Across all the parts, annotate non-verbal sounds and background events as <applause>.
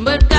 mbër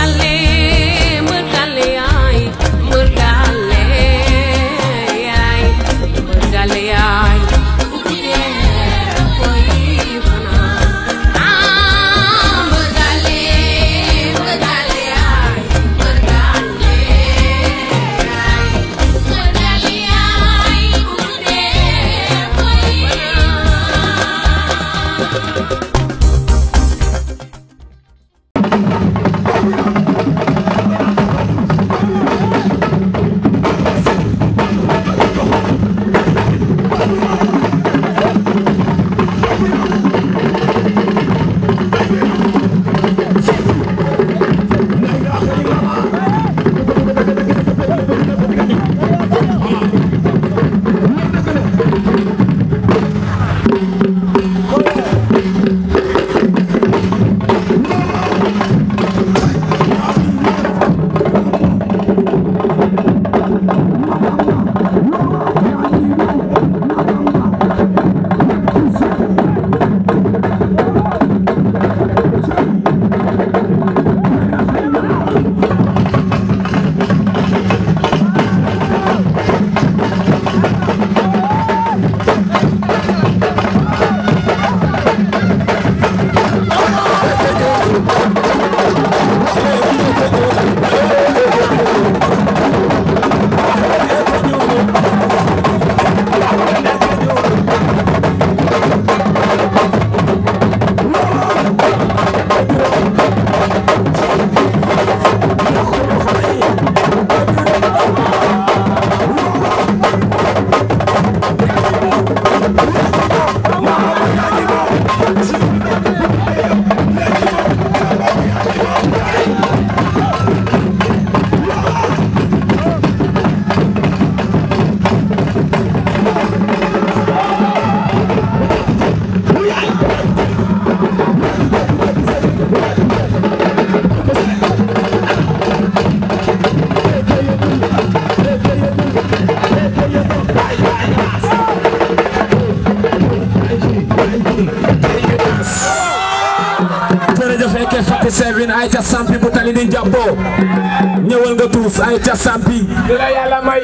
ca sampi la yàlla may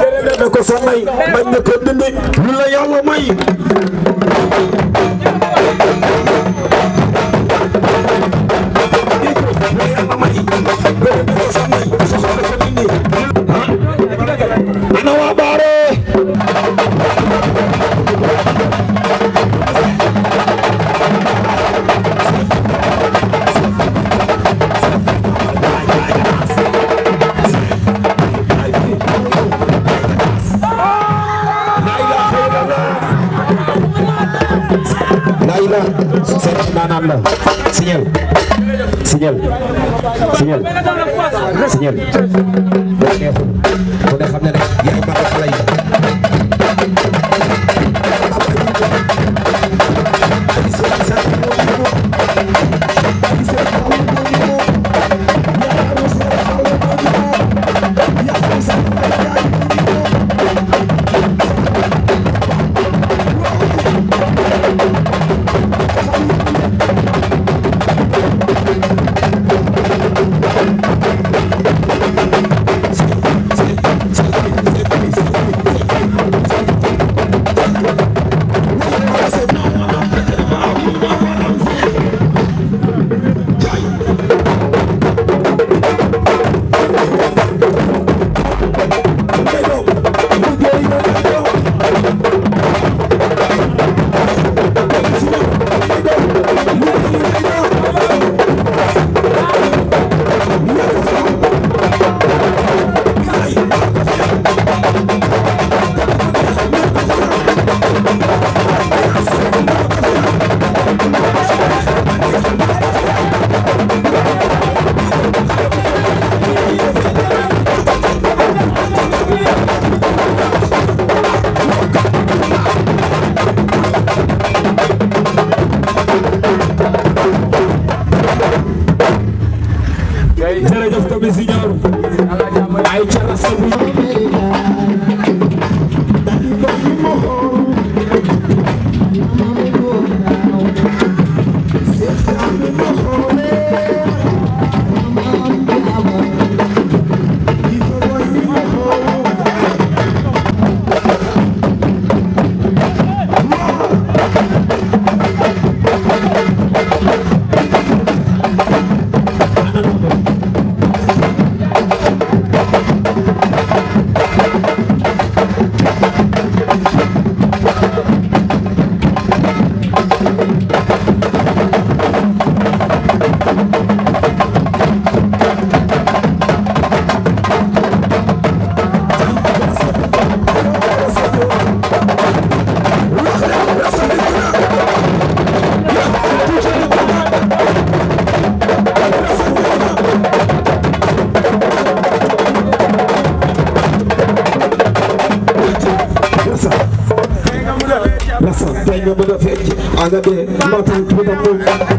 dere na ko may bañ na ko dindi àndal signal signal signal signal Agade, Matan Twitter,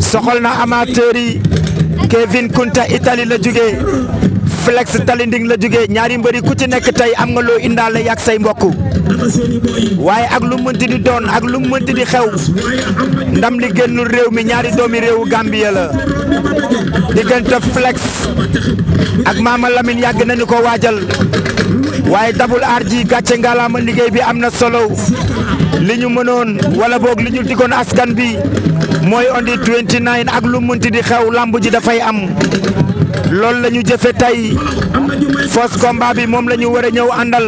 soxol na amateur yi Kevin Kunta Italie la jóge Flex Talinding la jóge ñaari mbëri ku ci nekk tey am nga loo indaale yàgg say mbokk waaye ak lu mënti di doon ak lu mënti di xew ndam li génnul réew mi ñaari doomi réewu Gambia la diggante Flex ak Mama Lamine yàgg nañu ko waajal waaye Double RG gàcce ngalaama liggéey bi am na solo li ñu mënoon wala boog li ñu diggoon askan bi mooy Ondi 29 ak lu mënti di xew lamb ji dafay am loolu la ñu jëfe tey fos combat bi moom la ñu war a ñëw àndal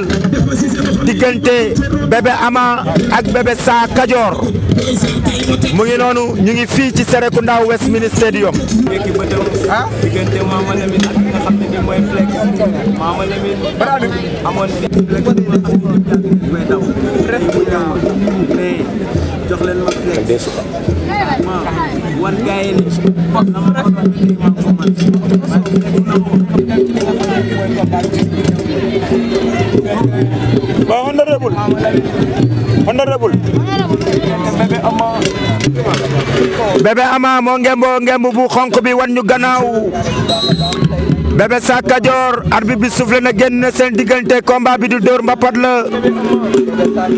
diggante bébé Ama ak bébé Sa Kajoor mu ngi noonu ñu ngi fii ci Serekunda West Mini Stadium. ah. diggante Mama ba honorable honorable moo ngemboo ngemb bu xonk bi wan ñu gannaaw bébé Sa Cadior arbitre bi soufflé na génn seen diggante combat bi du dóor mbapat la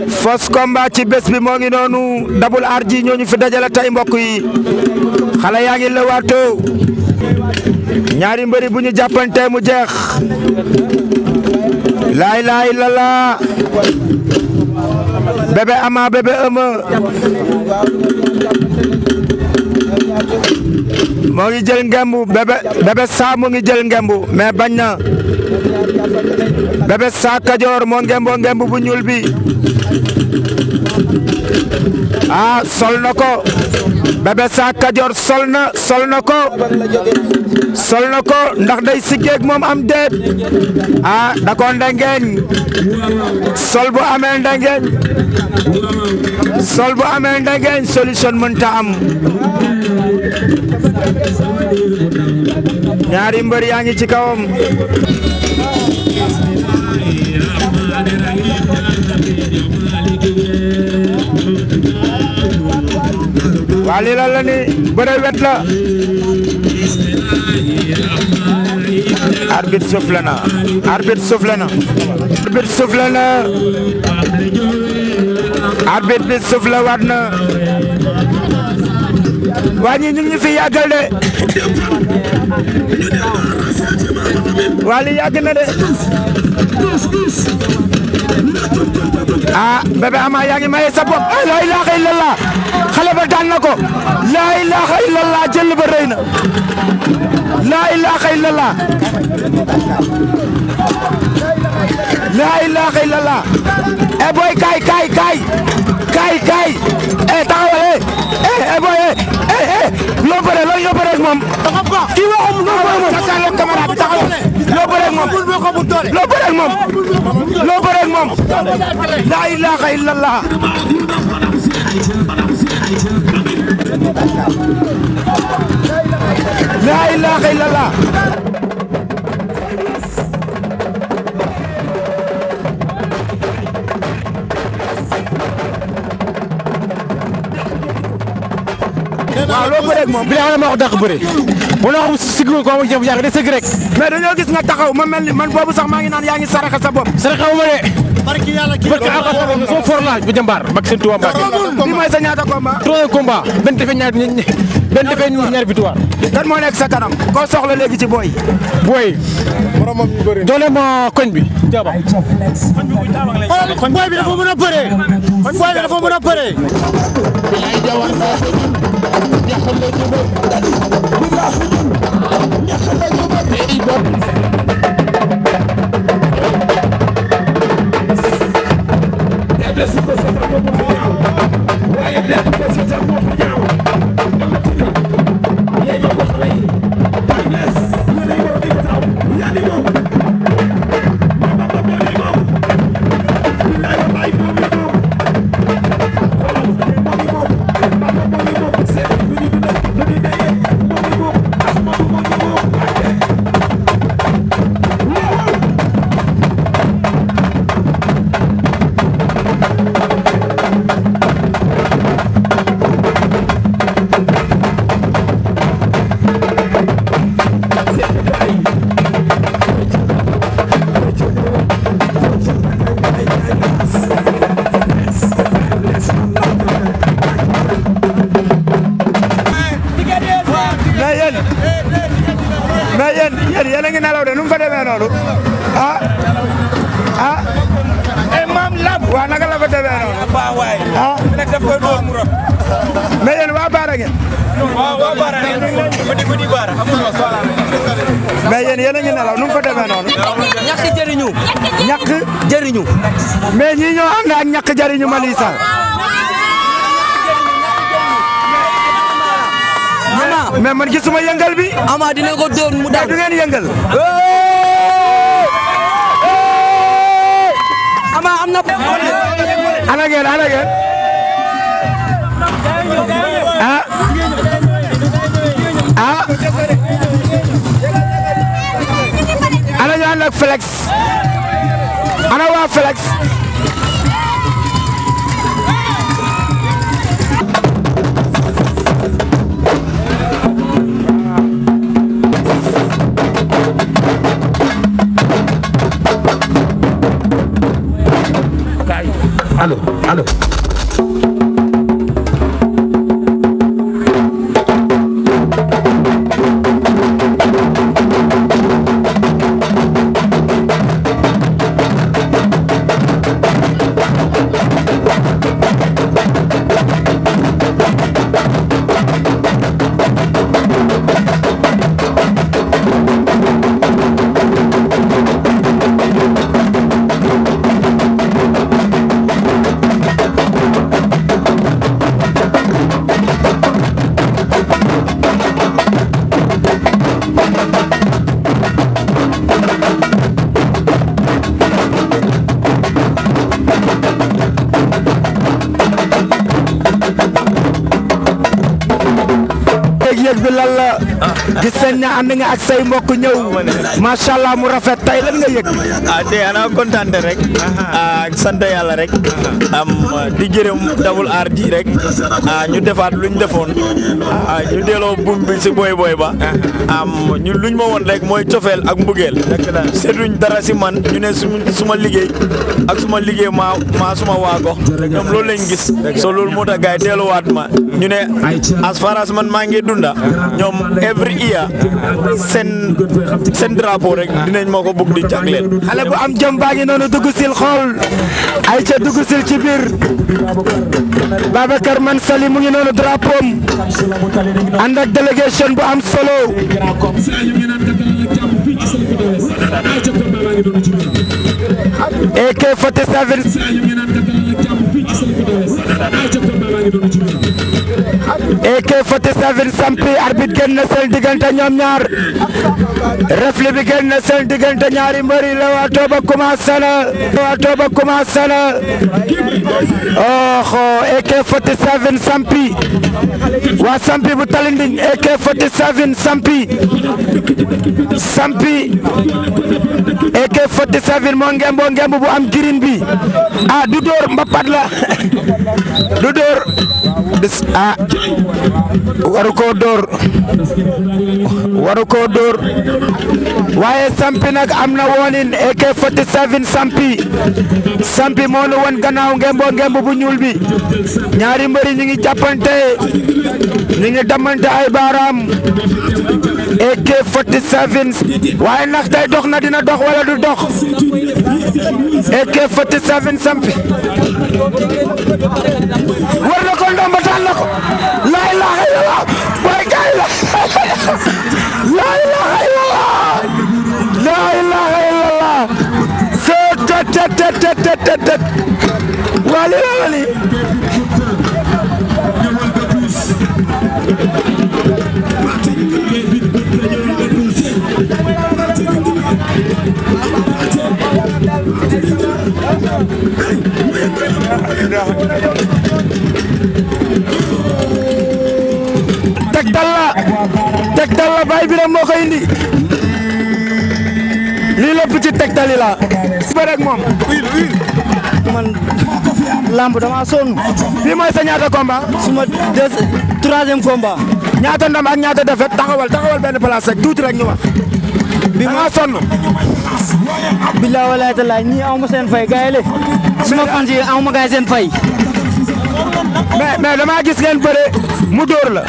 fos combat ci bés bi moo ngi noonu dabul arji ñooñu fi dajale tay mbokk yi xale yaa ngi lewaatoo ñaari mbëri bu ñu jàppante mu jeex laa ilaaha illallah bébé ama bébé ëmma moo ngi jël ngembu bébé saa moo ngi jël ngembu mais bañ na bébé saa kajoor moo ngemboo ngembu bu ñuul bi ah sol na ko Bébé Sa Kajoor sol na sol na ko sol na ko ndax day siggeeg moom am déet ah da ko ndengeeñ sol bu amee ndengeeñ sol bu amee mënta am ñaari mbër yaa ngi ci kawam waa lii lan la ni bëre wet la arbitre soufflé na arbitre soufflé na waat na waa ñi ñu ngi fi yàggal de waa li yàgg na de ah bébé ama yaa ngi maye sa bopp la ilaha xale a daan na ko laa ilaaha illallah jël ba na laa ilaaha illallah laa eh, kaay kaay kaay kaay kaay e eh, taxawal e eh. e boy e e e loo bëre loo nga ak moom kii waxum loo loo bëre moom loo bëre moom laa ilaaha illallah la ilaha illallah waaw loo moom bi nga xam ne maa ko dàq bëri bu la wax si ko koo jëm yaa ngi des rek. mais dañoo gis nga taxaw ma mel ni man boobu sax maa ngi naan yaa ngi saraxa sa bopp. saraxa barki yàlla kii fo for laaj bu jàmbaar mag seen Tuubaa Mbàkke bi mooy sa ñaata combat trois combat benn defe ñaar benn defe ñaar victoire kan moo nekk sa kanam ko soxla léegi ci booy booy boromam ñu bëri doole ma koñ bi jaaba booy bi dafa mën a bëree booy bi dafa mën a bëree billahi noonu ah ah. eh maam lam waaw naka la fa demee noonu. ah. ah. mais yéen waa Baara ngeen. waaw waa Baara ngeen guddi guddi Baara. fa demee noonu. ñàkk jëriñu. ñàkk jëriñu. mais ñii ñoo ànd ak ñàkk jëriñu Malissa. mais man gisuma yëngal bi. ama dina ko doon mu daal du ngeen am na. ana ngeen ana ngeen. ah. ah. ana ñu ànd ak ana waa Flex. allo. yëg bi lan la gis nañ ne ànd ak say mbokk ñëw macha allah mu rafet tey lan nga yëg. ah tey ana kontaan rek. ah sant yàlla rek. am di gërëm Double RD rek. ah ñu defaat luñ defoon. ah ñu delloo buum bi si boy boy ba. am ñun luñ ma woon rek mooy cofeel ak mbugeel. seetuñ dara si man ñu ne suñ suma liggéey ak suma liggéey ma suma waa gox ñoom loolu gis. so loolu moo tax gars yi ma ñu ne as far man maa ngi dunda ñoom every year seen seen drapeau rek dinañ ma bu am jëm baa ngi noonu dugg sil ay ca dugg sil ci biir Babacar Man Sali mu ngi noonu drapeau bu am solo. E AK 47 sampi arbitre génn na seen diggante ñoom ñaar refle bi génn na seen diggante ñaari mbëri la waa Toba commencé na waa Toba commencé na oxo AK sampi waa sampi bu Talinding AK sampi sampi AK 47 moo ngembo ngemb bu am girin bi ah du dóor mbapat la <laughs> du dóor ah waru ko dóor waru ko dóor waaye sampi nag am na woonin AK47 sampi sampi moo nu won gannaaw ngemboo ngemb bu ñuul bi ñaari mbëri ñi ngi jàppante ñi ngi damante ay baaraam AK47 waaye ndax dox na dina dox wala du dox AK47 war na laa ilaaha illallah laa ilaaha illallah see tet tet tet tet tet tet tet waa lii la la lii Yeah. Baye Birame moo koy indi lii lépp ci tegtali la ba rek moom man lamb dama sonn bii mooy sa ñaata combat suma deux troisième combat ñaata ndam ñaata defet taxawal taxawal benn place rek tuuti rek ñu wax bi ma sonn billaa walaay talaay ñii aw ma seen fay suma fans yi fay mais mais gis ngeen bëre mu dóor la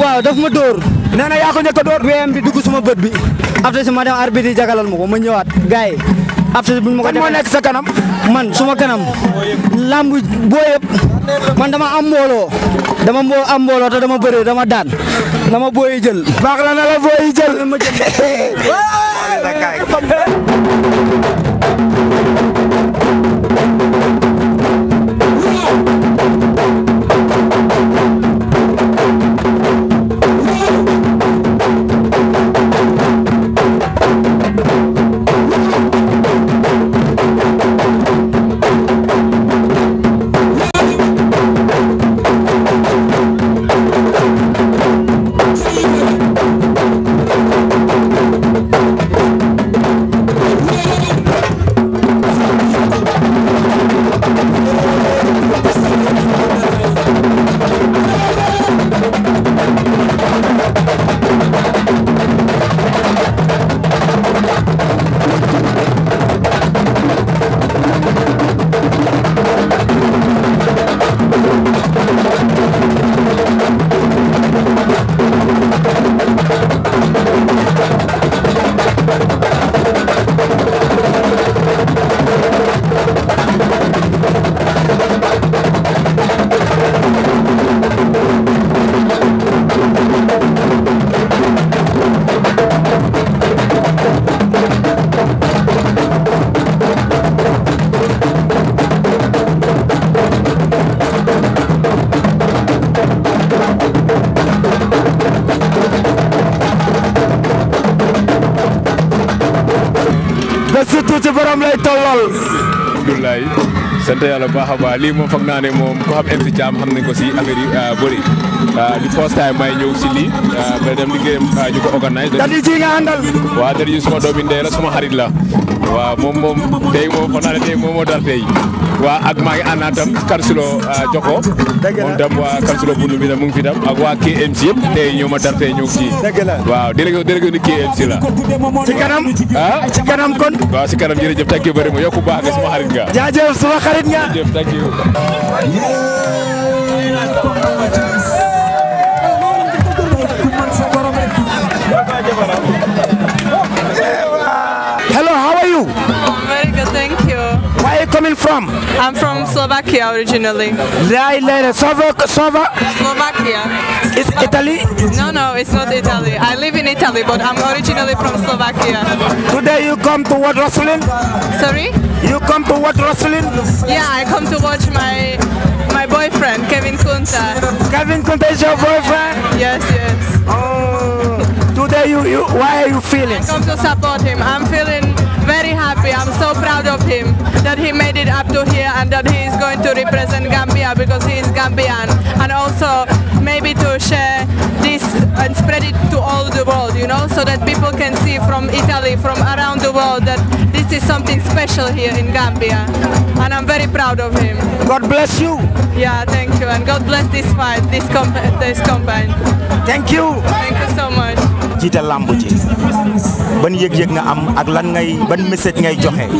waaw daf ma dóor nee na yaa ko njëkk door weem bi dugg suma bët bi après si ma dem arbitre jagalal ma ko ma ñëwaat gars yi après buñ ma ko moo nekk sa kanam man suma kanam lamb boo man dama am mbooloo dama mboo mbooloo te dama bëree dama daan dama booyi jël baax la na la booyi jël <laughs> <laughs> a lii moom foog naa ne moom ko xam MC Thiam xam nañ ko si affaire yi euh, bëri di euh, first time may ñëw si lii ba euh, dem liggéeyam ñu ko organise dari ci nga àndal waaw dari suma doomi ndey la suma xarit la waaw moom moom tey moom foog naa tey moom moo dal tey waa ak maa ngi ànd tam Kansilo euh, Jokko moom tam waa Kansilo Bundu bi tam mu ngi fi tam ak waa KMC yëpp tey ñoo ma tar tey ñoo ngi fii waaw délégué délégué ni KMC la ci kanam ah ci kanam kon waaw ci kanam jërëjëf thank you very much yokku baax nga suma xarit nga jaajëf suma xarit nga jërëjëf Where are you coming from? I'm from Slovakia originally. La Ilera, Slova, Slova? Slovakia. It's Slova Italy? No, no, it's not Italy. I live in Italy, but I'm originally from Slovakia. Today you come to what wrestling? Sorry? You come to watch wrestling? Yeah, I come to watch my my boyfriend, Kevin Kunta. Kevin Kunta is your boyfriend? Yes, yes. Oh, today you, you why are you feeling? I come to support him. I'm feeling very happy. I'm so proud of him that he made it up to here and that he is Gambia because he is Gambian and also maybe to share this and spread it to all the world, you know, so that people can see from Italy, from around the world that this is something special here in Gambia. And I'm very proud of him. God bless you. Yeah, thank you. And God bless this fight, this, comp Thank you. Thank you so much. jiite làmb ji ban yëg-yëg nga am ak lan ngay ban message ngay joxe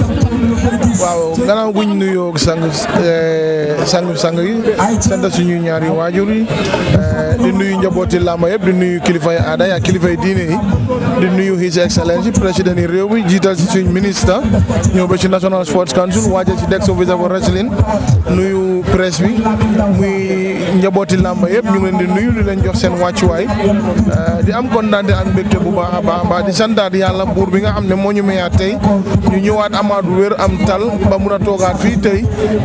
waaw gannaaw bu ñu nuyoo sang eh, sang sang yi sant suñuy ñaari waajur yi eh, di nuyu njabooti làmba yëpp di nuyu kilifay aada yi ak kilifay diine yi di nuyu his excellence yi président yi réew mi jiital si suñ ministre ñëw ba si national sports council waajal si dex office of wrestling nuyu presse bi muy njabooti làmba yëpp ñu ngi leen di nuyu di leen jox seen wàccuwaay eh, di am kontaante ak mbégte bu baax a baax di santaat yàlla buur bi nga xam ne moo ñu tey ñu am tal ba mun a toogaat fii tey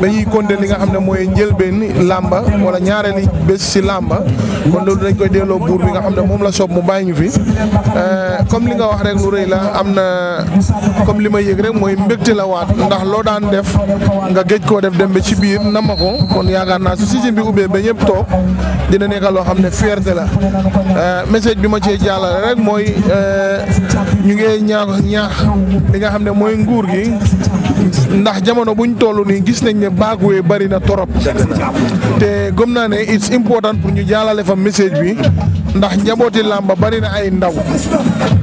dañuy compter li nga xam ne mooy njëlbeen làmba wala ñaareeli bés si làmba kon loolu dañ koy delloo buur bi nga xam ne moom la soob mu bàyyi ñu fi euh, comme li nga wax rek lu rëy la am na comme li ma yëg rek mooy mbégte la waat ndax loo daan def nga géej koo def dem ba ci biir na ma ko kon yaakaar naa si saison bi ubbee ba ñëpp toog dina nekka loo xam ne fierté la euh, message bi ma cee jàllale rek mooy euh, ñu ngi ñaax ñaax li xam ne mooy nguur gi ndax jamono buñ toll nii gis nañ ne baaguwee bari na torop te gëm naa ne it's important pour ñu jàllale fa message bi ndax njabooti làmba bari na ay ndaw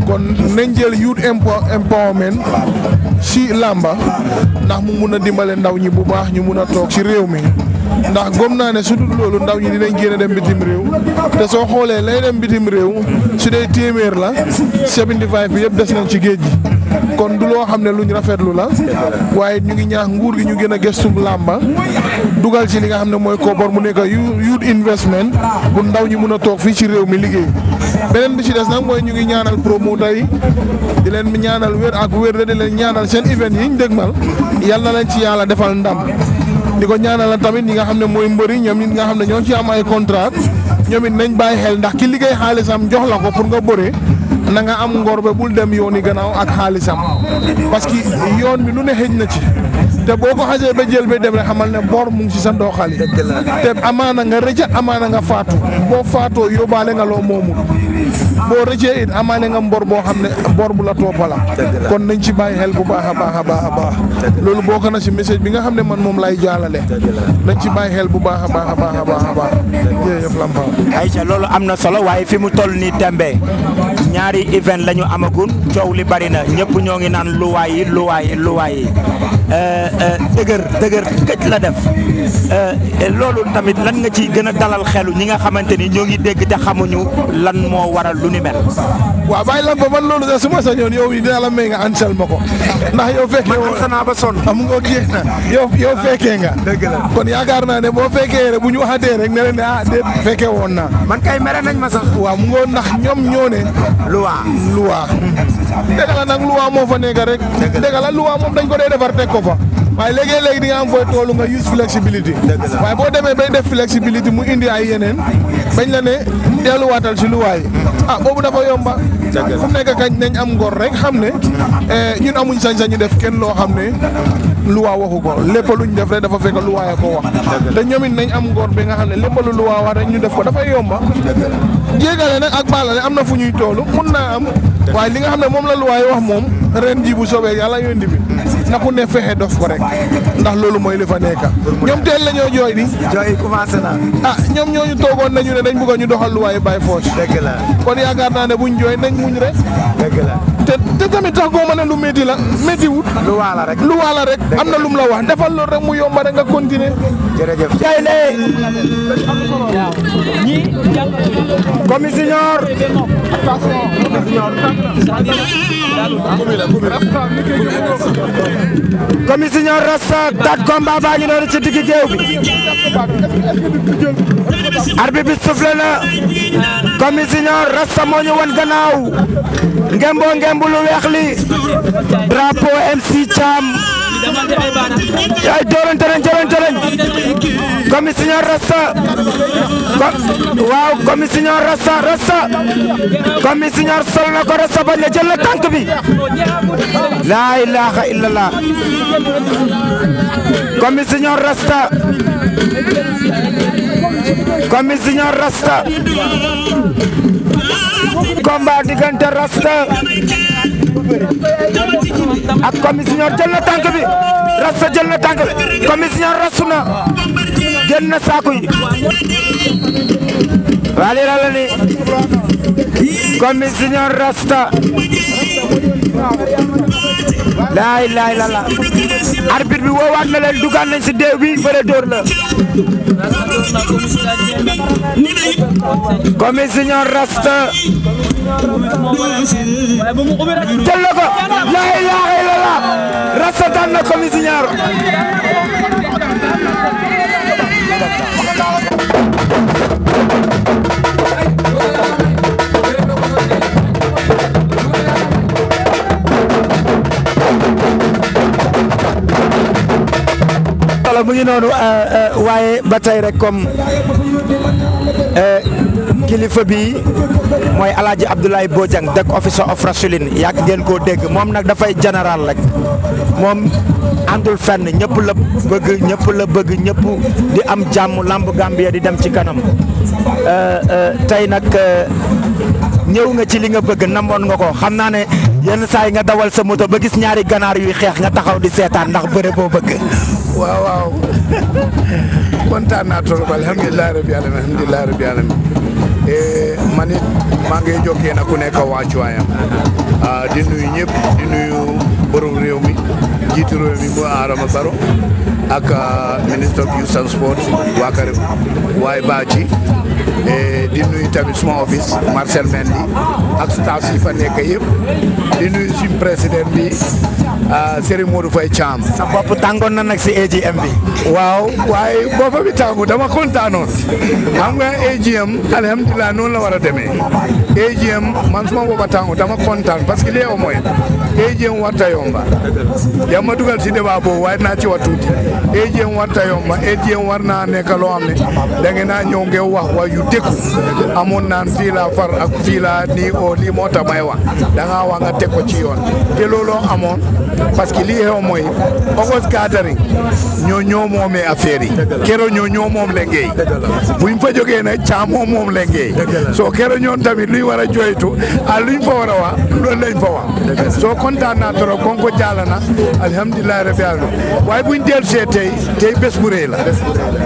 kon nañ jël youth empowerment si làmba ndax mu mun a dimbale ndaw ñi bu baax ñu mun a toog ci réew mi ndax gom naa ne su dul loolu ndaw ñi dinañ génn dem bitim réew te soo xoolee lay dem bitim réew su dee téeméer la 75 bi yëpp des nañ ci géej gi. kon du loo xam ne luñ rafetlu la waaye ñu ngi ñaax nguur gi ñu gën a gëstu làmba dugal ci li nga xam ne mooy koppar mu nekk youth investment bu ndaw ñi mun a toog fii ci réew mi liggéey beneen bi ci des nag mooy ñu ngi ñaanal promoteur yi di leen ñaanal wér ak wér di leen ñaanal seen event yi ñu dégmal yal na leen ci yàlla defal ndam di ko ñaanal tamit ñi nga xam ne mooy mbëri ñoom ñi nga xam ne ñoo ci am ay contrat ñoom it nañ bàyyi xel ndax ki liggéey xaalisam jox la ko pour nga bëree na nga am ngor ba bul dem yoon yi gannaaw ak xaalisam parce que yoon bi lu ne xëj na ci te boo ko xasee ba jël ba dem rek xamal ne boor mu ngi ci sa ndoxal te amaana nga rëcc amaana nga faatu boo faatoo yóbbaale nga loo moomul boo rëccee it amaane nga mbor boo xam ne mbor bu la toppa la kon nañ ci bàyyi xel bu baax a baax loolu boo na si message bi nga xam ne man moom lay jaalale nañ ci bàyyi xel bu baax a baax a baax a baax loolu am na solo waaye fi mu toll nii tembe ñaari event lañu ñu amagun coow li bari na ñëpp ñoo ngi naan luwaay yi luwaay yi luwaay yi euh, euh, dëgër dëgër këj la def euh, loolu tamit lan nga ci gën a dalal xelu ñi nga xamante ni ñoo ngi dégg te xamuñu lan moo waral lu ni mel. waaw bàyyi lamb man loolu de su ma sañoon yow yi dina la may nga ansal ma ko ndax yow fekkee man ansa naa ba sonn am ah, nga yow yow fekkee nga dëgg la kon yaakaar naa ne boo fekkee rek bu ñu waxatee rek ne leen ne ah, fekkee woon na man kay mere nañ ma sax waaw mu ngoo ndax ñoom ñoo ne luwaa luwaa dëgg la nag luwaa moo fa nekk rek dëgg la luwaa moom dañ ko dee defar teg ko fa waaye léegi-léegi di nga am fooy toolu nga use flexibilité waaye boo demee bay def flexibilité mu indi ay yeneen bañ la ne delluwaatal si luwaa yi a ah, boobu dafa yomba fu nekk kañ nañ am ngor rek xam ne eh, ñun amuñ sañ-sañu def kenn loo xam ne luwaa waxu ko lépp luñ def rek dafa fekk luwaa ya ko wax te ñoom it nañ am ngor bi nga xam ne lépp lu luwaa wax rek ñu def ko dafa yomba jéegale ne ak baalale am na fu ñuy toolu mun naa am waaye li nga xam ne moom la luwaay wax moom ren ji bu soobee yàlla yónni bi na ku ne fexe dof ko rek ndax loolu mooy li fa nekka ñoom teel la ñoo jooy di jooy commencé na ah ñoom ñooñu toogoon nañu ne dañ bëgg ñu doxal lu waaye bàyyi foos dëgg la kon yaakaar naa ne buñ jooy nañ muñ rek dëgg la te te tamit tax goo ma ne lu métti la métti wut lu waala rek lu waala rek am na lu mu la wax defal loolu rek mu yomba rek nga continuer jërëjëf jay ne ñi commissaire commission Rasta dat combat baa ngi noonu ci diggi géew bi arbitre bi soufflé na commission Rasta moo ñu won ngembo ngembu lu weex li MC Thiam yaay doorante nañ jërënte commission Rasta commission Rasta commission sol bañ la jël la bi laa ilaaha illallah commission Rasta commission Rasta combat diggante Rasta ak commission na tànk bi Rasta jël na tànk bi commission rasu na génn na saako yi waa lii ni commission Rasta laay laay la la arbitre bi na leen dugal nañ si déew bi bëre dóor la commission Rasta jël commission solo noonu euh, euh, waaye ba tey rek comme euh, kilifa bi mooy alaaji Abdoulaye Bojang dëkk officer of Rasuline yàgg ngeen koo dégg moom nag dafay général rek moom àndul fenn ñëpp la bëgg ñëpp la bëgg ñëpp di am jàmm làmb Gambia di dem ci kanam tey nag ñëw nga ci li nga bëgg namoon nga ko xam naa ne yenn saa yi nga dawal sa moto ba gis ñaari ganaar yuy xeex nga taxaw di seetaan ndax bëre boo bëgg waaw waaw <laughs> kontaan naa trop alhamdulilah rabbi alamin alhamdulilah rabbi alamin eh, man maa ngi jokkee na ku nekk wàccuwaayam ah, di nuyu ñëpp di nuyu borom réew mi jiitu réew mi mu Adama Baro ak ah, ministre of youth and sport waa baa waay baaci eh, di nuyu tamit suma office Marcel Mendy ak staff yi fa nekk yëpp nuyu suñu président bi Ah, Serigne Modou Faye Thiam. sa bopp tàngoon na nag si AGM bi. waaw waaye boppa bi tàngu dama kontaanoon xam nga AGM alhamdulilah noonu la war a demee AGM man suma boppa tàngu dama kontaan parce que li yow mooy AGM warta yomba yaa dugal si débat boobu waaye naa ci wa tuuti AGM warta yomba AGM war naa nekk loo xam ne na ngeen naa ñëw ngeen wa yu dëkku amoon naan fii far ak fii laa nii moo tax may wax da ngaa wax nga teg ko ci yoon te amoon parce que lii xew mooy August Catering ñoo ñoo moomee affaire yi kero ñoo ñoo moom lengeey buñ fa jógee nag caamoo moom lengeey soo kero ñoon tamit luñ war a joytu a ah, luñ fa war a wax loolu fa wax soo kontaan naa trop kon ko jaala na alhamdulilahi rabbi alamin waaye buñ dellu see tey tey bés bu rëy la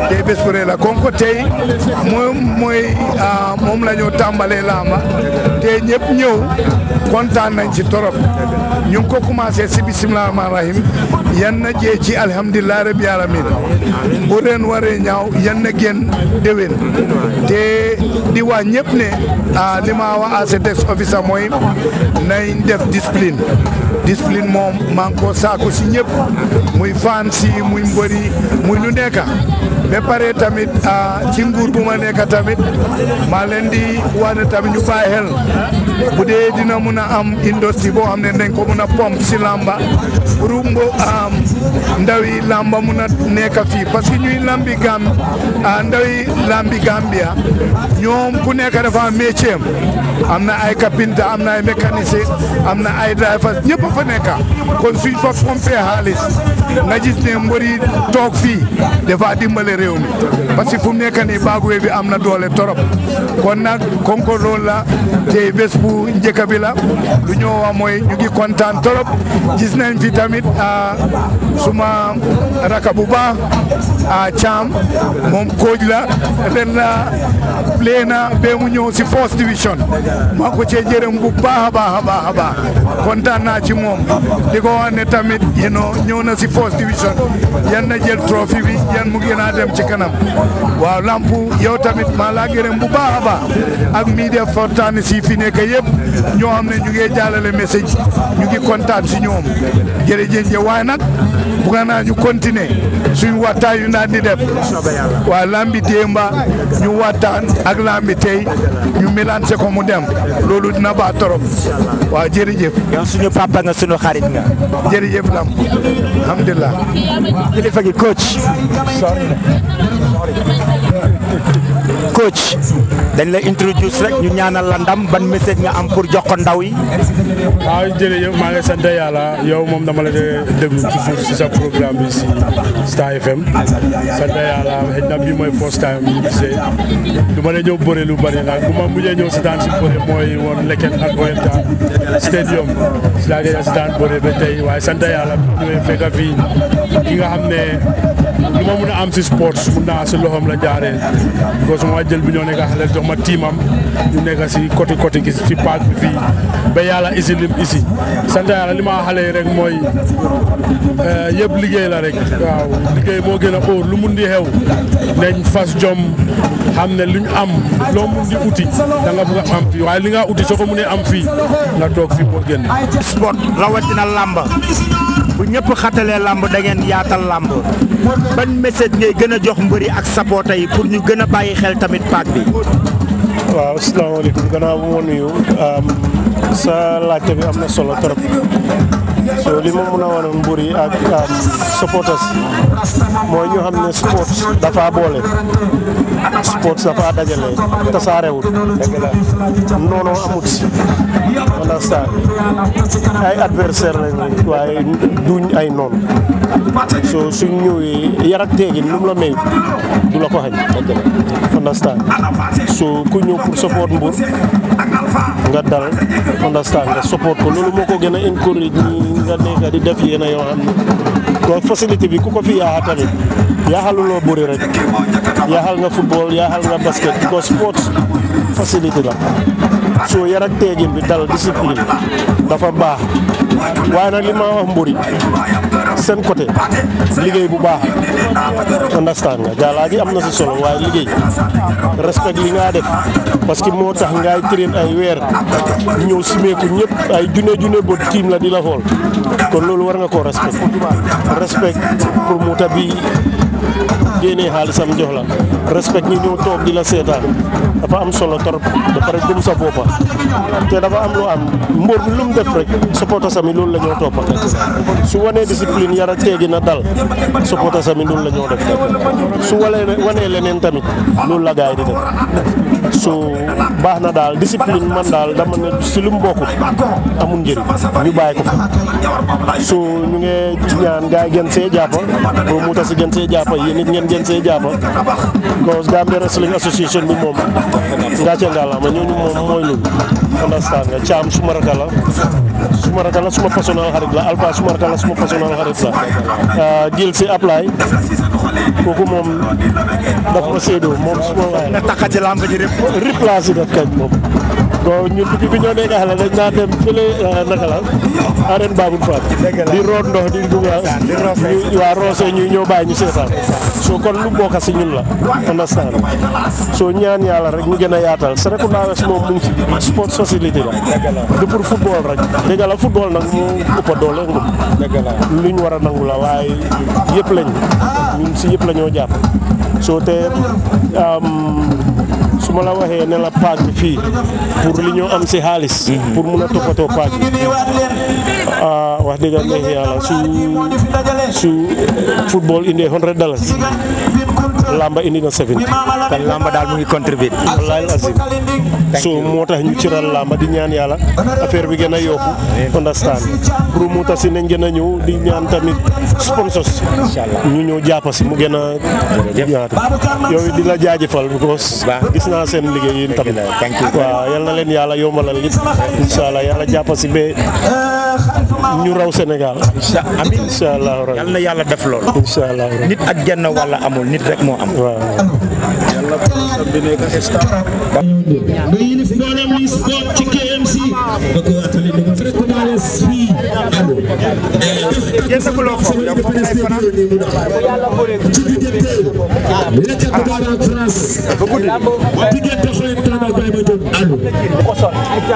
tey bés la kon ko tey mooy ah, mooy la ñoo tàmbalee laama te ñëpp ñëw kontaan nañ ci trop ñu ko commencé si bisimilah rahmaani rahim yan na jee ci alhamdulilah rabbi alamin bu ren waree ñaaw yan na génn déwén te di wax ñëpp ne a ah, li ma wax à CETES mooy nañ def discipline discipline moom maa ko saako si ñëpp muy fan si muy mbëri muy lu nekk ba pare tamit ah, ci nguur bu ma nekk tamit maa leen di wax ne tamit ñu bàyyi xel bu dee dina mun a am industrie boo xam ne dañ ko mun a pompe si lamba pour mbo ndaw yi mun a nekk fii parce que ñuy lambi gam ah, ndaw yi lambi Gambia ñoom ku nekk dafa am métier am na ay kapinta am na ay mécanicien am na ay drivers ñëpp a fa nekka kon suñ fa pompé xaalis nga gis ne mbër yi toog fii dafa dimbale réew mi parce que fu mu nekk nii baaguwe bi am na doole torop kon nag konko loolu la tey bés bu njëkk bi la lu ñoo wax mooy ñu ngi kontaan torop gis nañ fi tamit ah, suma raka bu baa Thiam moom coach la ren play na ba mu ñëw si first division maa ko cee bu baax a baax a baax kontaan naa ci moom di ko wax ne tamit you ñëw na si first division yan na jël trophy bi yan mu gën a dem ci kanam waaw lampu yow tamit maa laa gërëm bu baax ak mii fortaani si fi nekk yëpp ñoo xam ne ñu ngi jàllale message ñu ngi kontaan si ñoom jërëjëf waaye nag bëgg naa ñu continuer suñu waxtaan daan di def waa lambi démba ñu waxtaan ak lambi tey ñu mélangé ko mu dem loolu dina baax torop waa jërëjëf. yow suñu papa nga suñu xarit nga. jërëjëf lam alhamdulilah. kilifa gi coach. coach dañ la introduce rek ñu ñaanal la ndam ban message nga am pour jox ko ndaw yi. waaw jërëjëf maa ngi sant yàlla yow moom dama la déglu toujours si sa programme bi si Star FM sant yàlla xëy na bii mooy first time ñu gisee du ma la ñëw bëre lu bari nag bu ma mujjee ñëw si daan si bëre mooy woon Leket ak Oenta stadium si laa gëj a si daan bëre ba tey waaye sant yàlla ñu fekk fii ki nga xam ne. lu ma mun a am si sports mun naa si loxoom la jaaree parce que jël bi ñoo nekk xale jox ma tiimam ne nekk si côté côté gi si paak bi fii ba yàlla isi lim isi sant yàlla li ma xale yi rek mooy eh, yëpp liggéey la rek waaw liggéey moo gën a óor lu mun di xew nañ fas jom xam ne ñu am loo mun di uti da nga bëgg a am fii waaye li nga uti soo ko munee am fii nga toog fii pour génn sport rawatina làmba bu ñëpp xatalee làmb da ngeen yaatal làmb ban message ngay gën a jox mbëri ak sapota yi pour ñu gën a bàyyi xel tamit paak bi. waaw asalaamaaleykum gannaaw bu ma nuyu sa laajte bi am na solo trop. so li ma mën a wanoon mbur yi ak um, supporters mooy ñu xam ne sport dafa boole sport dafa dajale tasaarewul noonu amut understand ay adversaire lañ waaye duñ ay noon so suñ ñëwee yar ak teegin lu mu la may du la ko xañ understand so ku ñëw pour support mbur nga dal understand nga support ko loolu moo ko gën a encourage ñi nga nekk di def yéen a yoo xam ne kon facilité bi ku ko fi yaaxa tamit yaaxaluloo bëri rek yaaxal nga football yaaxal nga basket ko sport facilité la soo yar ak bi dal discipline dafa baax waaye nag li ma wax mburi seen côté liggéey bu baax understand nga jaalaaji am na si solo waaye liggéey respect li nga def parce que moo tax ngay train ay weer ñëw simeeku ñëpp ay junne junne bët tiim la di la xool kon loolu war nga ko respect respect promoteur bi génnee xaalisam jox la respect ñu ñëw toog di la seetaan dafa am solo torop ba pare gëm sa boppa te dafa am lu am mbër lu mu def rek supporter sami loolu lañoo ñoo toppa su wanee discipline yara teegi na dal supporter sami loolu la ñoo def su wanee wanee leneen tamit loolu la gaay di def so baax na daal discipline man daal dama ne si lu mu bokkut amul njëriñ ñu bàyyi ko fa so ñu ngi ñaan gaa yi see jàppa boo mu tasi gën see jàppa yéen it ngeen gen see jàppa because Gambia Wrestling Association bi moom ngaa cee ngaa la ma ñooñu moom mooy ñun understand nga caam suma raka la suma raka la suma personnel xarit la alpha suma raka la suma personnel xarit la jil ah, si apply kooku moom daf ma moom suma waay replace yi def kañ moom bon ñun bi bi ñoo nekk xale dañ dem fële euh, naka la arène Babou Fall di root ndox di dugg waa roose ñu ñoo bàyyi ñu seetaan soo kon lu bokk si ñun la understand soo ñaan yàlla rek ñu gën a yaatal Serekunda West moom mu ngi fi sport facilité la du pour football rek dëgg la football nag moo ëpp a doole ngum lu ñu war a nangu la waaye yëpp lañ ñun si yëpp la ñoo jàpp soo te su ma la waxee ne la paak bi fii pour li ñu am si xaalis. Mhm. pour mun a toppatoo paak bi ah, wax dëgg yàlla su su football indee hundred dollars lamba indi na sefin kon lamba daal mu ngi contribuer wallaahi azim so moo tax ñu ciral làmba di ñaan yàlla affaire bi gën a yokku understand pour mu si nañ gën a ñëw di ñaan tamit sponsors ñu ñëw jàppa si mu gën a ñaatu yow di la jaajëfal because gis naa seen liggéey yéen tamit waaw yal na leen yàlla yombalal lépp incha allah yàlla jàppa si ba eh, ñu raw Sénégal. incha amiin rabi yal na yàlla def lool. incha allahu rabi nit ak genn wàll amul nit rek moo am. waaw. yàlla di nekk instant. nga ci KMC. yéen ko loo foog yow foog ngay fanaan.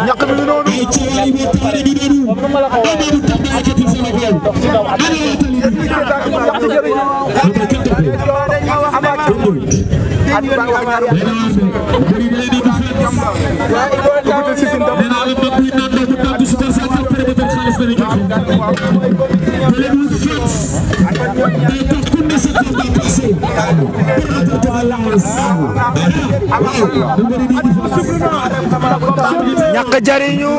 ñàkk bi noonu. Thank you. xaalis dana jox. ñàkk jariñu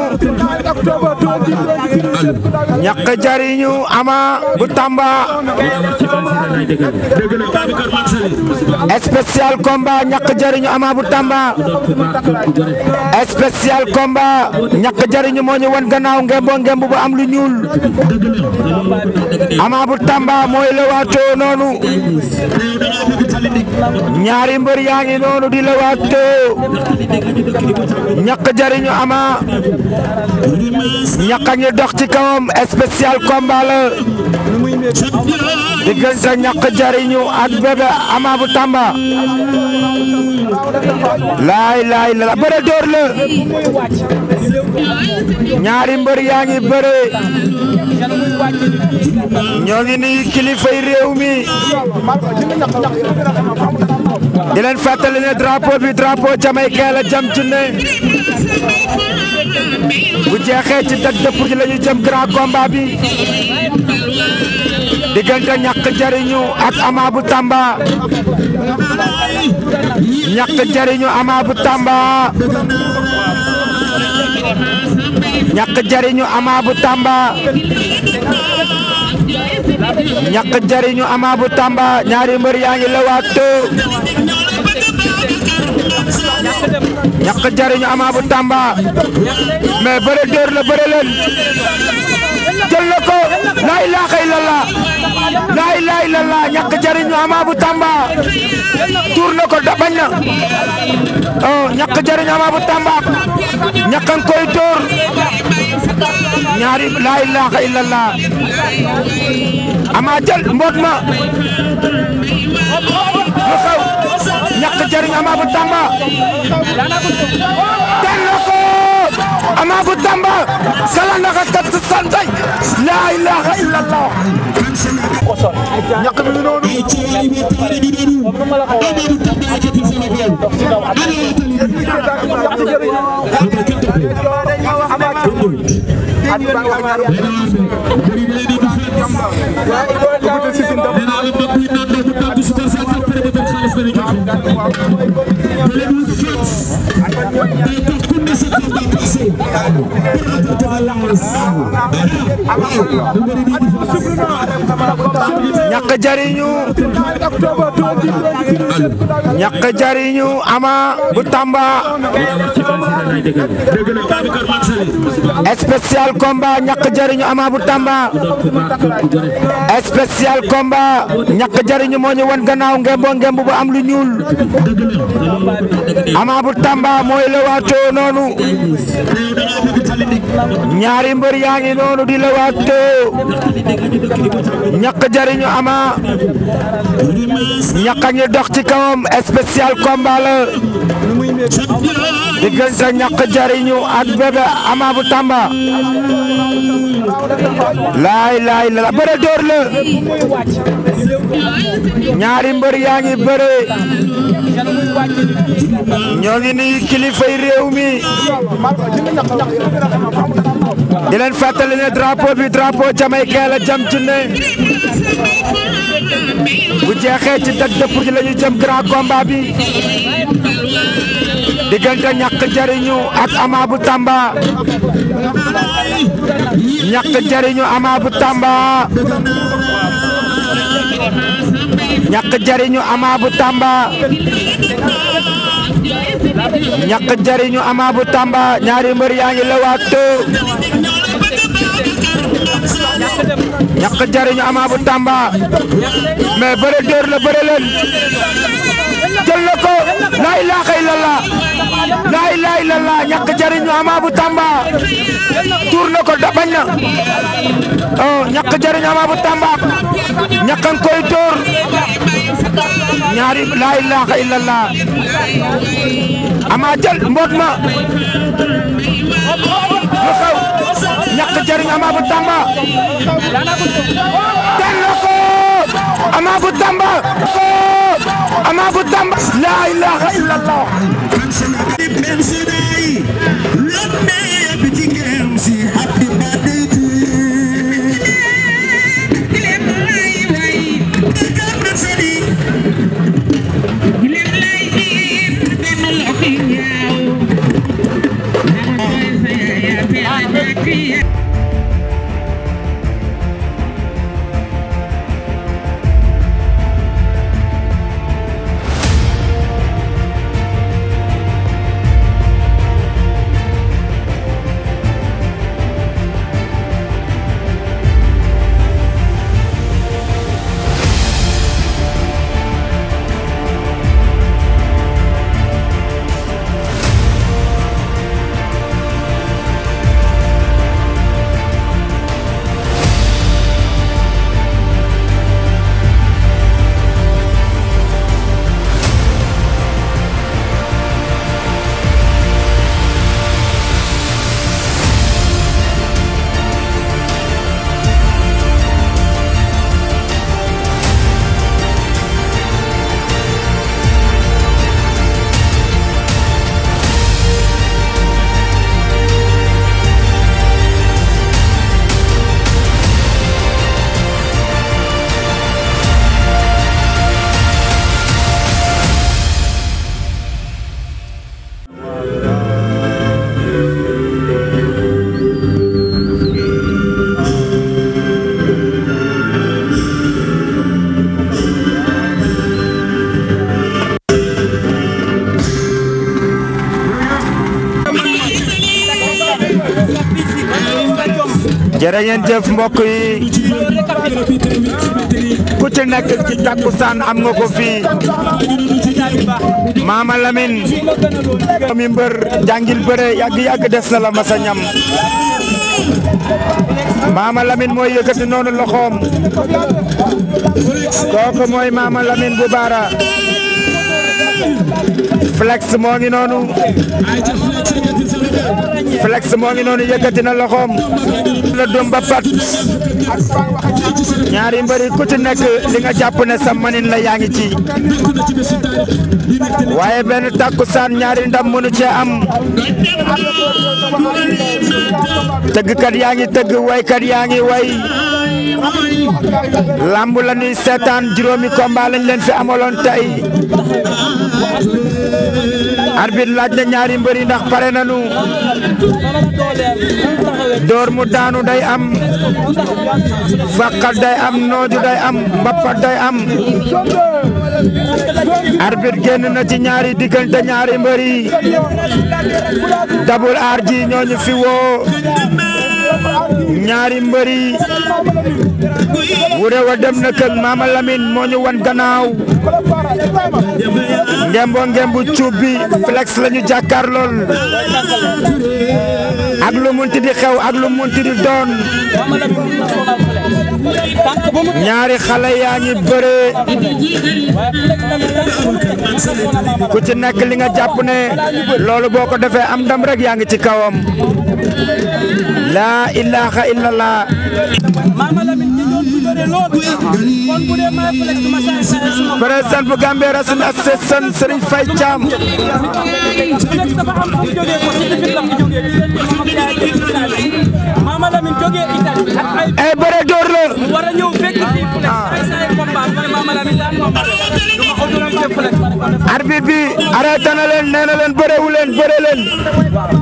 ñàkk jariñu ama bu Tamba spécial combat ñàkk jariñu ama bu Tamba spécial combat ñàkk jariñu moo wan gannaaw ngembo ngemb bu am lu ñuul ama bu Tamba mooy lewaatoo noonu ñaari mbër yaa ngi noonu di la waatoo ñàkk jariñu ama ñàkk ngi dox ci kawam spécial combat la diggante ñàkk jariñu ak bébé ama bu tamba laay laay la bëre door la ñaari mbër yaa ngi bëre ñoo ngi nuyu kilifay réew mi di leen fàttali ne drapeau bi drapeau jamaïcain la jam junne bu jeexee ci dag dëpp gi la ñu jëm grand combat bi diggante ñàkk jariñu ak Ama Tamba ñàkk jariñu Ama Tamba ñàkk jariñu Ama bu Tamba ñàkk jariñu Ama bu Tamba mbër yaa ngi lewaatoo ñàkk jariñu Tamba mais bëre dóor la bëre jël na ko la ilaha illallah la ilaha illallah ñàkk bu Tamba tuur na ko da bañ na oh ñàkk jariñu bu Tamba ñàkk nga koy dóor ñaari la ilaha illallah Ama jël mboot ma lu xew ñàkk jariñu Ama bu Tamba Ama bu Tamba salanaka kat santay la ilaha illallah ñàkk Thank you. ñàkk jariñu ñàkk jariñu ama bu tàmba spécial komba ñàkk jariñu ama bu Tamba spécial combat ñàkk jariñu moo ñu won gannaaw ngembo bu am lu ñuul ama bu Tamba mooy lewaatoo noonu ñaari mbër yaa ngi noonu di la waatoo ñàkk jariñu ama ñàkk a ngi dox ci kawam spécial combat sa diggante ñàkk jariñu ak bébé ama bu Tamba. laay laay la bëre door la ñaari mbër yaa ngi bëre ñoo ngi nuyu kilifay réew mi di leen fàttali ne drapeau bi drapeau jamaïcain la jam ci ne bu jeexee ci dag dëpp la ñu jëm grand combat bi diggante ñàkk jariñu ak ama bu Tamba ñàkk jariñu Ama bu Tamba ñàkk jariñu Ama bu Tamba ñàkk jariñu Ama bu Tamba ñaari mbër yaa ngi lewaatoo ñàkk jariñu Ama bu Tamba mais bëre dóor la bëre jël na ko laa ilaaha illallah laa ilaaha illallah ñàkk jariñu Ama bu Tamba tuur na ko da bañ na oh ñàkk jariñu Ama bu Tamba ñàkk koy tuur ñaari laa ilaaha illallah Ama jël mboot ma lu jariñu Ama bu Tamba dal na ko Ama bu Tamba Ama bu Tamba la ilaha illallah bensidai jërë ngeen jëf mbokk yi ku ci nekk ci takkusaan am nga ko fii Mama Lamine mi mbër jàngil bëre yàgg yàgg des na la masa ñam Mama Lamine mooy yëkkati noonu loxoom kooku mooy Mama Lamine bu baara Flex moo ngi noonu Flex moo ngi noonu yëkkati na loxoom la doom ba pat ñaari mbëri ku ci nekk li nga jàpp ne sa manin la yaa ngi ci waaye benn takkusaan ñaari ndam mënu cee am kat yaa ngi tëgg woykat yaa ngi way lamb la ñuy seetaan juróomi combat lañ leen fi amaloon tey arbitre laaj na ñaari yi ndax pare nañu door mu daanu day am fàqal day am nooju day am mbappat day am arbitre génn na ci ñaari diggante ñaari mbëri dabul aar ji ñooñu fi woo ñaari mbëri Wuré wa dem na kër moo ñu wan gannaaw ngembo ngembu cuub bi flex la ñu jàkkaar lool ak lu munti di xew ak lu munti di doon ñaari xale yaa ngi bëre ku ci nekk li nga jàpp ne loolu boo ko defee am ndam rek yaa ngi ci kawam laa ilaaha illallah. Mama Lamine ñu doon tuddee loolu. kon bu dee maa ma. bu Gambie Rasul si defit la fu jógee di leen jox ak yaay ak Italie. Mama a ñëw fekk ah.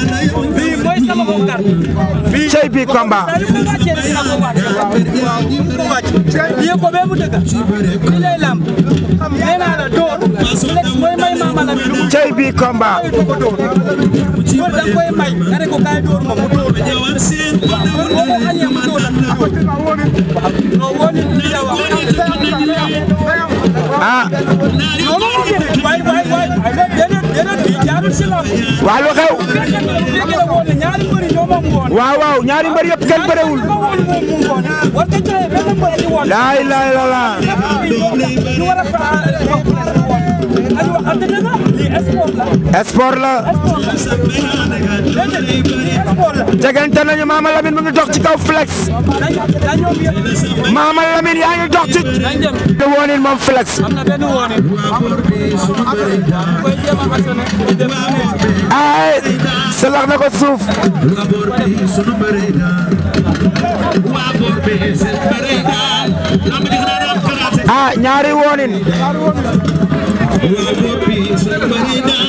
bii mooy cey bi combat. yéen ko bee mu dëgg. cey bi combat. door da koy may nga ne ko kaay door waaw lu xew waaw ñaari mbër yëpp kenn bërewul laa ilaaha illallaah sport la. jegante nañu Mama Lamine mu ngi dox ci kaw flex. Mama Lamine yaa ngi dox ci. flex. ay salax na ko suuf. ah ñaari woonin. We'll be somebody down.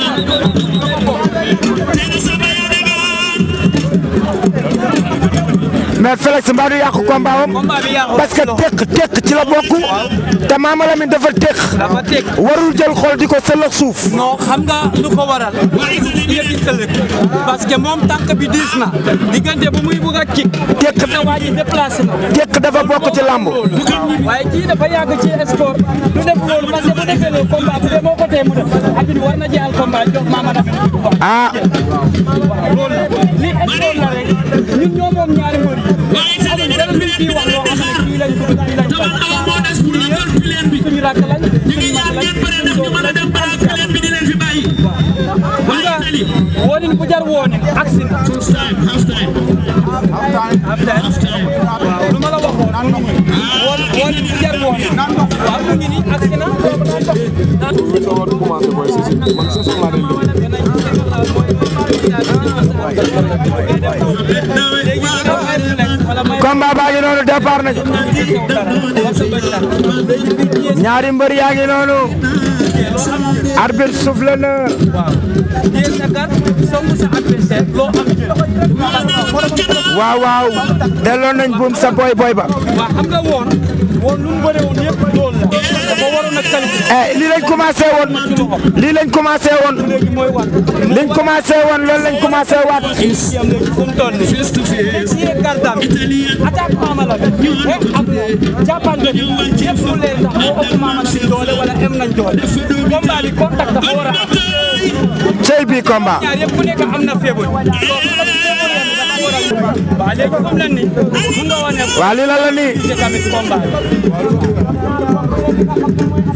mais Félix mbaa du yàqu combat am teq teq ci la bokk te Mama Lamine teq warul jël xol di ko sëlëx suuf non xam nga lu ko waral yëfi sëlëx parce que moom a teq sa waa ji déplacé na teq dafa bokk ci làmb waaye dafa yàgg ci sport waaye itam ñu dem pileen bi da leen di xaar te man awa moo des pour nga jël pileen bi ñu ngi ñaan ngeen pare ndax ñu mën a dem balaa pileen bi di leen fi bàyyi. waaye itam woonin bu jar woone aksi na. full time half time. half time waaw lu ma la waxoon. Ah, woonin bu jar woone. waaw mu ngi nii aksi na. man combat baa ngi noonu départ nañu ñaari mbër yaa ngi noonu arbitre souffle na waaw waaw delloo nañ buum sa boy boy ba Eh, lii lañ commencé woon lii lañ commencé woon liñ commencé woon loolu lañ commencé waat. cey bi combat. waaw léegi comme lan ni mun nga wane waaw lii lan la nii tamit combat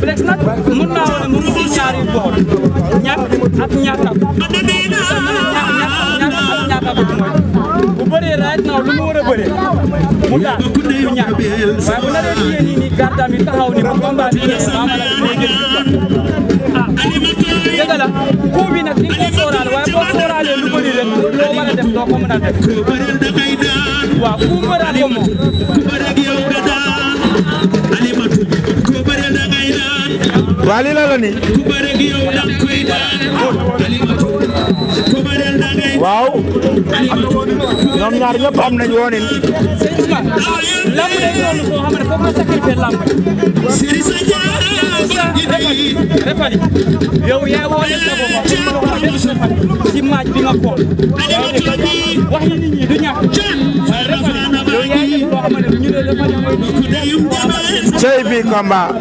flex nag mun naa wane mu ngi ñaari boor ñàkk ak ñàkkam ñàkk ak ñàkkam ak ñàkkam bëree right now lu mu a mu daan du ñàkk waaye lu bëri rek loo a a waa lii la la waaw ñoom ñaar ñëpp am nañ woonin lamb day loolu soo xam ne foog nga sacrifié lamb refali yow yaa wone sa bopp ci ma wax def refali si match bi nga xool wax na nit ñi du ñàkk refali yow yaa def loo xam ne ñu ne refali mooy cey bi combat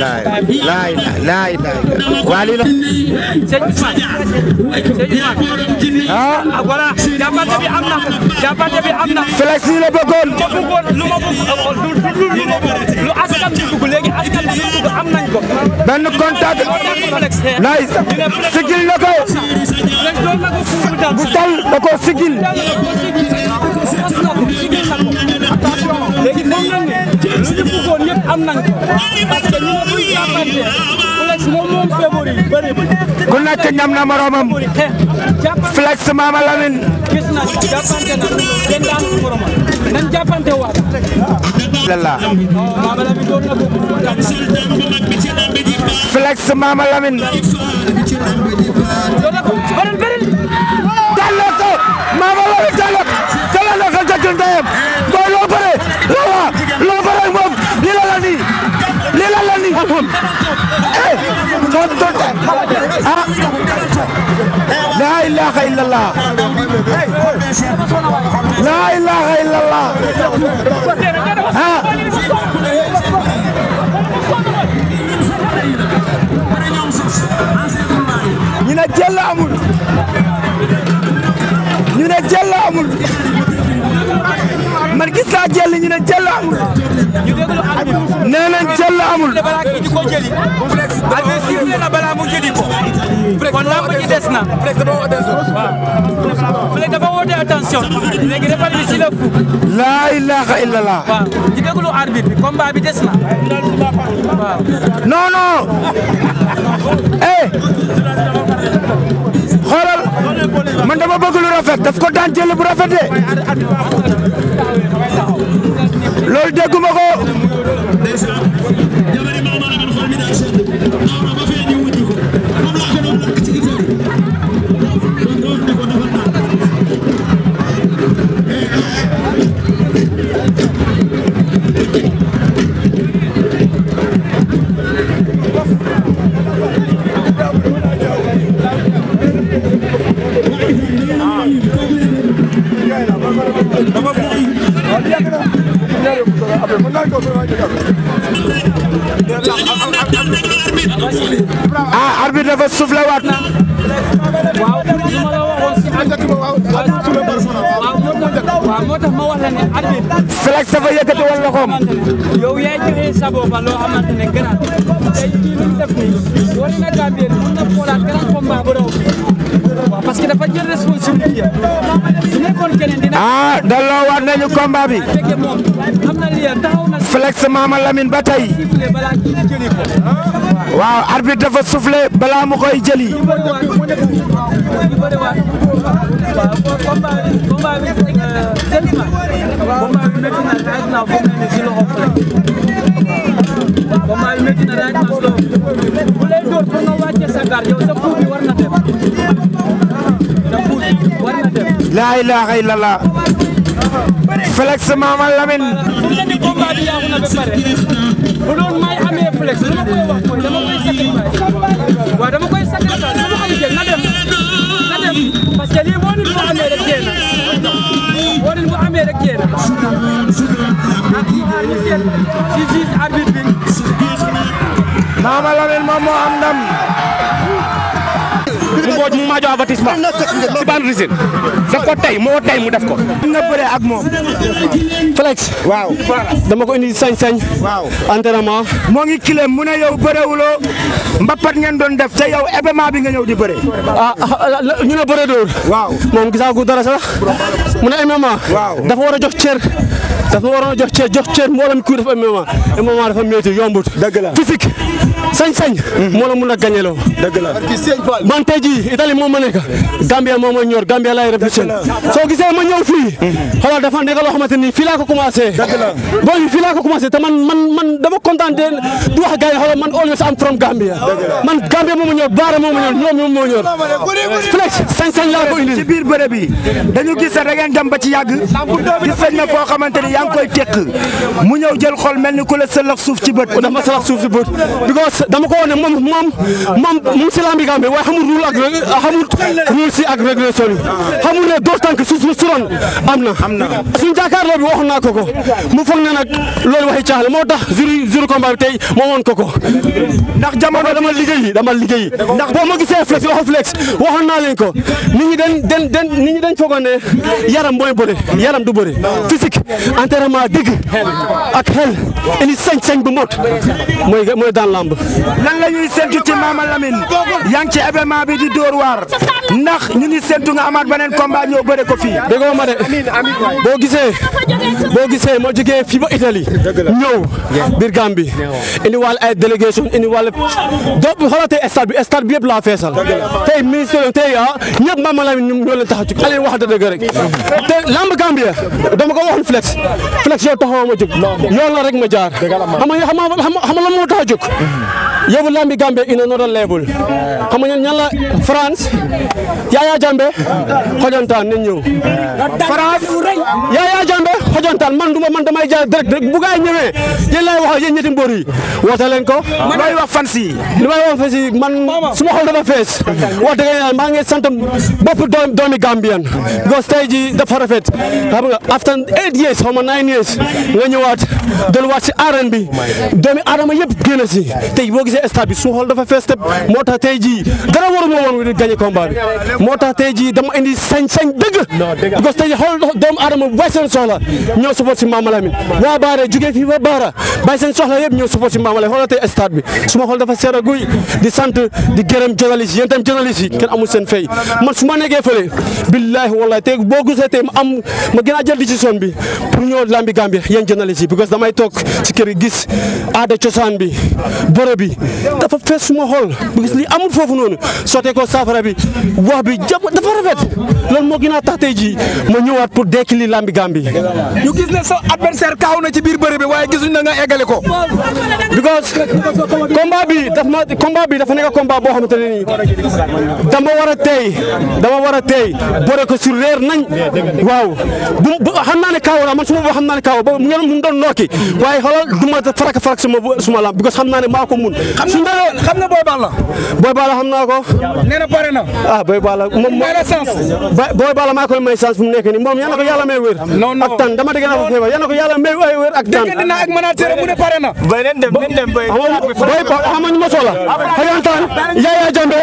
laay laay laay wali la ah voilà jàppante bi am na jàppante bi am na flex yi la bëggoon lu ma bëgg lu askan bi bëgg léegi askan bi bëgg am nañ ko benn contact nice sigil na ko bu tal da koo sigil. léegi foog nañ ñam na moromam flex maama lamin flex maama lamin ah laa ilaaha illallah laa ilaaha illallah amul ñu ne amul saa jël ñu ne jël amul nee laa ilaha illallah. waaw di xoolal man dama bëgg rafet daf ko daan jël bu rafete de loolu dégguma ko ah arbitre dafa soufflé waat na. waaw moo tax ma wax la ne arbitre. Félix dafa loxoom. yow yaay joxe sa bopp loo xamante ne gannaaw jii mu def nii war na Gambie mën na xoolaat grand combat bu raw parce que dafa jël responsabilité ah delloo waat nañu combat bi flex Mama Lamine ba tey waaw arbitre dafa soufflé balaa mu koy jëli laa ilaaha illallah Félix Mama Lamine bu doon may amee Félix lu ma koy wax mooy dama koy sacrifice waaw dama koy sacrifice dama koy jël na dem na dem parce que lii woo nit bu amee rek jéem a woo nit bu amee rek jéem a ak ñu xaar ñu seet ci gis arbitre bi Mama Lamine moom moo am ndam mu woo mu maa jox avertissement si bande résine daf ko tey moo mu def ko. nga bëree ak moom. Flex. waaw dama ko indi sañ-sañ. waaw entraînement. moo ngi kileem mu ne yow mba mbappat ngeen doon def te yow événement bi nga ñëw di bëree. ah, ah, ah ñu ne bëree dóor. waaw moom gisaagu dara sa mu ne MMA. waaw dafa war a jox cër. daf ma waroon a jox cër jox cër mboolem ku dafa MMA MMA dafa métti yombut. dëgg sañ-sañ. Mhm. moo la mun a man tey jii moom ma nekk Gambia moom ma ñor Gambia laay rëbb soo gisee ma ñëw fii. Mhm. xoolal dafa nekk loo xamante ko commencé. dëgg la booy fii laa ko commencé te man dama kontaan de wax gars yi man always am from Gambia. man Gambia moom ma ñor Baara moom ma ñor ñoom sañ-sañ laa ko indi. dañu gis da ngeen dem ba ci foo xamante yaa koy tekk mu ñëw jël xol mel ni ku la sëlax suuf ci bët dama sëlax suuf ci bët because dama ko wone moom moom moom mu si lambi gambe waaye xamul rule ak xamul rule si ak régulation yi xamul ne door tànk suuf su suroon am na suñu jàkkaarloo bi wax naa ko ko mu foog ne nag loolu waxi caaxle moo tax juri juri combat bi tey moo woon ko ko ndax jamono dama liggéey dama liggéey ndax boo ma gisee flex waxu flex waxoon naa leen ko nit ñi dañ dañ nit ñi dañ foogoon ne yaram mooy bëre yaram du bëre physique tempérament dëgg ak xel indi sañ-sañ bu mot mooy mooy daan lamb lan la ñuy sentu ci Mama Lamine yaa ngi ci événement bi di dóor waar ndax ñu ngi sentu nga amaat beneen combat ñoo bëre ko fii déggoo ma de boo gisee boo gisee ma jógee fii ba Italie ñëw biir Gambie indi wàll ay délégation indi wàll donc xoolal tey stade bi stade bi yëpp laa feesal tey ministre tey ah ñëpp Mama Lamine ñoo leen tax a jóg wax dëgg rek te lamb Gambie dama ko wax flex flex yow taxawoo ma jóg yoon la rek ma jaar xama xama lan moo tax a jóg yóbbu lambi Gambie in another level xam nga ñan la France Yaya Jambe xojantaan nañ ñëw France Yaya Jambe xojantaan man duma man damay jaar direct bu gaay ñëwee yéen laay waxal yéen ñetti mbóor yi woote leen ko looy wax fans yi li may wax fans yi man suma xol dafa fees wax dëgg yàlla maa ngi sant bopp doomi Gambien because tey ji dafa rafet xam nga after eight years xaw nine years nga ñëwaat delluwaat si arène bi doomi aadama yëpp génn si tey boo gisee stade bi su xool dafa fees tëb moo tax tey jii dara waru ma woon di gagné combat bi moo tax tey jii dama indi sañ-sañ dëgg parce que tey xool doomu aadama bu bàyyi seen soxla ñëw support si Mama Lamine waa Baara jugee fii ba Baara bàyyi seen soxla yëpp ñëw support si Mama Lamine xoolal tey stade bi su ma xool dafa seer a guy di sant di gërëm journaliste yi yéen tam journaliste yi kenn amul seen fay man su ma nekkee fële billaahi wallaahi tey boo gisee tey ma am ma gën a jël décision bi ñëwoon lambi Gambie yéen journaliste yi because damay toog ci kër gis aada cosaan bi bërëb bi dafa fees suma xool because li amul foofu noonu sottee ko saafara bi wax bi jàpp dafa rafet loolu moo gën a tax tey jii ma ñëwaat pour dekki li lambi Gambie. ñu gis ne sa adversaire kaaw na ci biir bërëb bi waaye gisuñ na nga eggale ko. because combat bi daf ma combat bi dafa nekk combat boo xam te ne nii dama war a tey dama war a tey bëre ko sur leer nañ waaw bu xam kaaw la man boobu xam naa ne kaw boobu ngeen mu doon nokki waaye xoolal du ma farak farak suma suma lam because xam naa ne maa ko mun su ndee xam na Boy Balla Boy Balla xam naa ko nee na pare na ah Boy Balla moom Boy Balla maa koy may chance fu mu nekk nii moom yàlla ko yàlla may wér ak tan dama dégg naa ko feebar yàlla ko yàlla may wér ak tan dégg naa ak manager mu ne pare na bay leen dem leen dem bay xamañu ma soxla xayantaan Yaya Jammeh